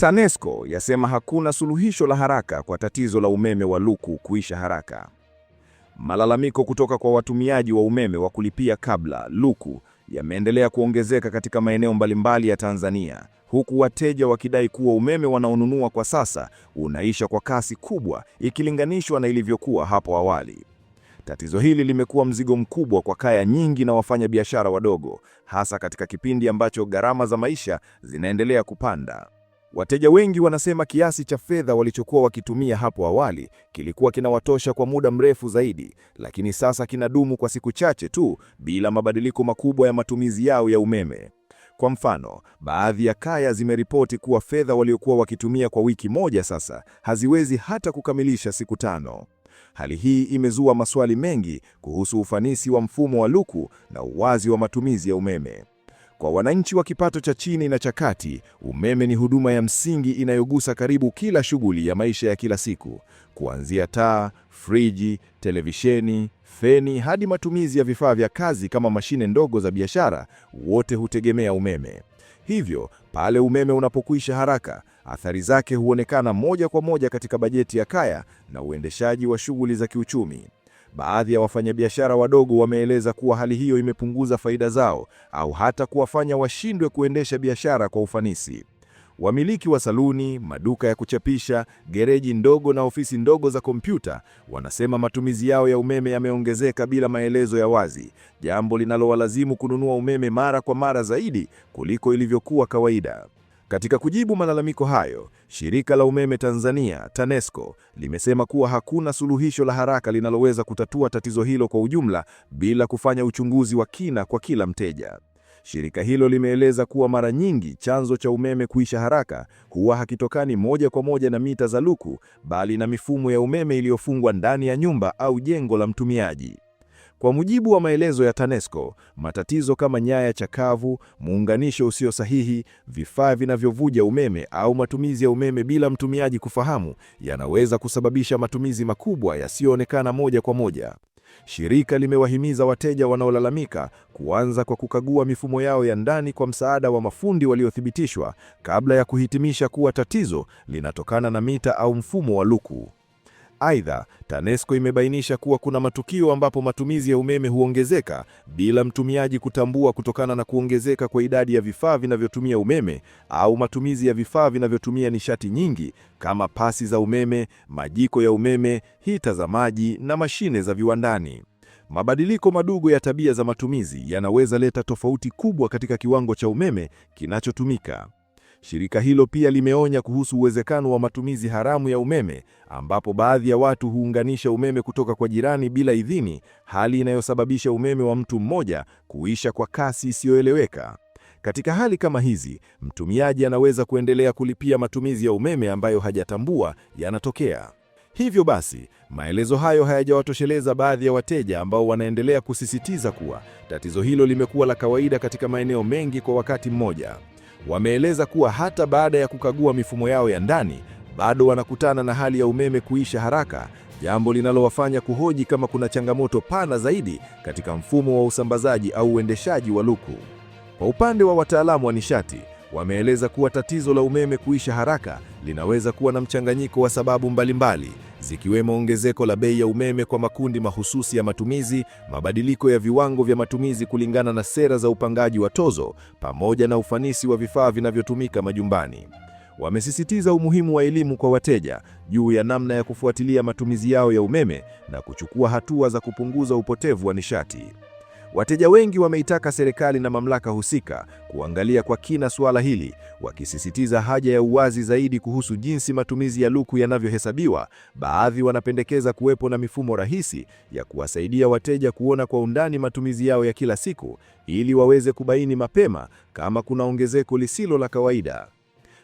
TANESCO yasema hakuna suluhisho la haraka kwa tatizo la umeme wa Luku kuisha haraka. Malalamiko kutoka kwa watumiaji wa umeme wa kulipia kabla Luku yameendelea kuongezeka katika maeneo mbalimbali ya Tanzania, huku wateja wakidai kuwa umeme wanaonunua kwa sasa unaisha kwa kasi kubwa ikilinganishwa na ilivyokuwa hapo awali. Tatizo hili limekuwa mzigo mkubwa kwa kaya nyingi na wafanyabiashara wadogo, hasa katika kipindi ambacho gharama za maisha zinaendelea kupanda. Wateja wengi wanasema kiasi cha fedha walichokuwa wakitumia hapo awali kilikuwa kinawatosha kwa muda mrefu zaidi, lakini sasa kinadumu kwa siku chache tu bila mabadiliko makubwa ya matumizi yao ya umeme. Kwa mfano, baadhi ya kaya zimeripoti kuwa fedha waliokuwa wakitumia kwa wiki moja sasa haziwezi hata kukamilisha siku tano. Hali hii imezua maswali mengi kuhusu ufanisi wa mfumo wa luku na uwazi wa matumizi ya umeme. Kwa wananchi wa kipato cha chini na cha kati, umeme ni huduma ya msingi inayogusa karibu kila shughuli ya maisha ya kila siku, kuanzia taa, friji, televisheni, feni hadi matumizi ya vifaa vya kazi kama mashine ndogo za biashara, wote hutegemea umeme. Hivyo, pale umeme unapokwisha haraka, athari zake huonekana moja kwa moja katika bajeti ya kaya na uendeshaji wa shughuli za kiuchumi. Baadhi ya wafanyabiashara wadogo wameeleza kuwa hali hiyo imepunguza faida zao au hata kuwafanya washindwe kuendesha biashara kwa ufanisi. Wamiliki wa saluni, maduka ya kuchapisha, gereji ndogo na ofisi ndogo za kompyuta wanasema matumizi yao ya umeme yameongezeka bila maelezo ya wazi, jambo linalowalazimu kununua umeme mara kwa mara zaidi kuliko ilivyokuwa kawaida. Katika kujibu malalamiko hayo, shirika la umeme Tanzania TANESCO limesema kuwa hakuna suluhisho la haraka linaloweza kutatua tatizo hilo kwa ujumla bila kufanya uchunguzi wa kina kwa kila mteja. Shirika hilo limeeleza kuwa mara nyingi chanzo cha umeme kuisha haraka huwa hakitokani moja kwa moja na mita za luku, bali na mifumo ya umeme iliyofungwa ndani ya nyumba au jengo la mtumiaji. Kwa mujibu wa maelezo ya TANESCO, matatizo kama nyaya chakavu, muunganisho usio sahihi, vifaa vinavyovuja umeme au matumizi ya umeme bila mtumiaji kufahamu yanaweza kusababisha matumizi makubwa yasiyoonekana moja kwa moja. Shirika limewahimiza wateja wanaolalamika kuanza kwa kukagua mifumo yao ya ndani kwa msaada wa mafundi waliothibitishwa kabla ya kuhitimisha kuwa tatizo linatokana na mita au mfumo wa luku. Aidha, TANESCO imebainisha kuwa kuna matukio ambapo matumizi ya umeme huongezeka bila mtumiaji kutambua kutokana na kuongezeka kwa idadi ya vifaa vinavyotumia umeme au matumizi ya vifaa vinavyotumia nishati nyingi kama pasi za umeme, majiko ya umeme, hita za maji na mashine za viwandani. Mabadiliko madogo ya tabia za matumizi yanaweza leta tofauti kubwa katika kiwango cha umeme kinachotumika. Shirika hilo pia limeonya kuhusu uwezekano wa matumizi haramu ya umeme, ambapo baadhi ya watu huunganisha umeme kutoka kwa jirani bila idhini, hali inayosababisha umeme wa mtu mmoja kuisha kwa kasi isiyoeleweka. Katika hali kama hizi, mtumiaji anaweza kuendelea kulipia matumizi ya umeme ambayo hajatambua yanatokea. Hivyo basi, maelezo hayo hayajawatosheleza baadhi ya wateja ambao wanaendelea kusisitiza kuwa tatizo hilo limekuwa la kawaida katika maeneo mengi kwa wakati mmoja wameeleza kuwa hata baada ya kukagua mifumo yao ya ndani bado wanakutana na hali ya umeme kuisha haraka, jambo linalowafanya kuhoji kama kuna changamoto pana zaidi katika mfumo wa usambazaji au uendeshaji wa luku. Kwa upande wa wataalamu wa nishati, wameeleza kuwa tatizo la umeme kuisha haraka linaweza kuwa na mchanganyiko wa sababu mbalimbali zikiwemo ongezeko la bei ya umeme kwa makundi mahususi ya matumizi, mabadiliko ya viwango vya matumizi kulingana na sera za upangaji wa tozo, pamoja na ufanisi wa vifaa vinavyotumika majumbani. Wamesisitiza umuhimu wa elimu kwa wateja juu ya namna ya kufuatilia matumizi yao ya umeme na kuchukua hatua za kupunguza upotevu wa nishati. Wateja wengi wameitaka serikali na mamlaka husika kuangalia kwa kina suala hili, wakisisitiza haja ya uwazi zaidi kuhusu jinsi matumizi ya luku yanavyohesabiwa. Baadhi wanapendekeza kuwepo na mifumo rahisi ya kuwasaidia wateja kuona kwa undani matumizi yao ya kila siku ili waweze kubaini mapema kama kuna ongezeko lisilo la kawaida.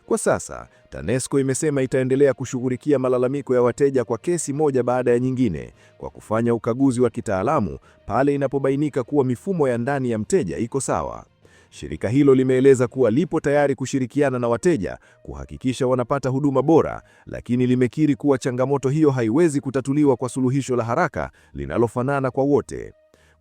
Kwa sasa, TANESCO imesema itaendelea kushughulikia malalamiko ya wateja kwa kesi moja baada ya nyingine kwa kufanya ukaguzi wa kitaalamu pale inapobainika kuwa mifumo ya ndani ya mteja iko sawa. Shirika hilo limeeleza kuwa lipo tayari kushirikiana na wateja kuhakikisha wanapata huduma bora, lakini limekiri kuwa changamoto hiyo haiwezi kutatuliwa kwa suluhisho la haraka linalofanana kwa wote.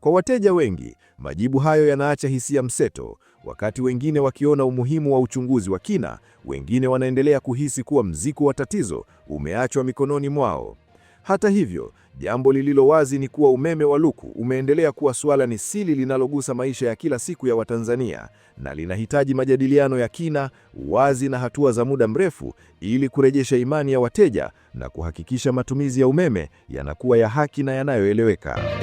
Kwa wateja wengi, majibu hayo yanaacha hisia ya mseto. Wakati wengine wakiona umuhimu wa uchunguzi wa kina, wengine wanaendelea kuhisi kuwa mzigo wa tatizo umeachwa mikononi mwao. Hata hivyo, jambo lililo wazi ni kuwa umeme wa luku umeendelea kuwa suala ni sili linalogusa maisha ya kila siku ya Watanzania na linahitaji majadiliano ya kina, wazi na hatua za muda mrefu ili kurejesha imani ya wateja na kuhakikisha matumizi ya umeme yanakuwa ya haki na yanayoeleweka.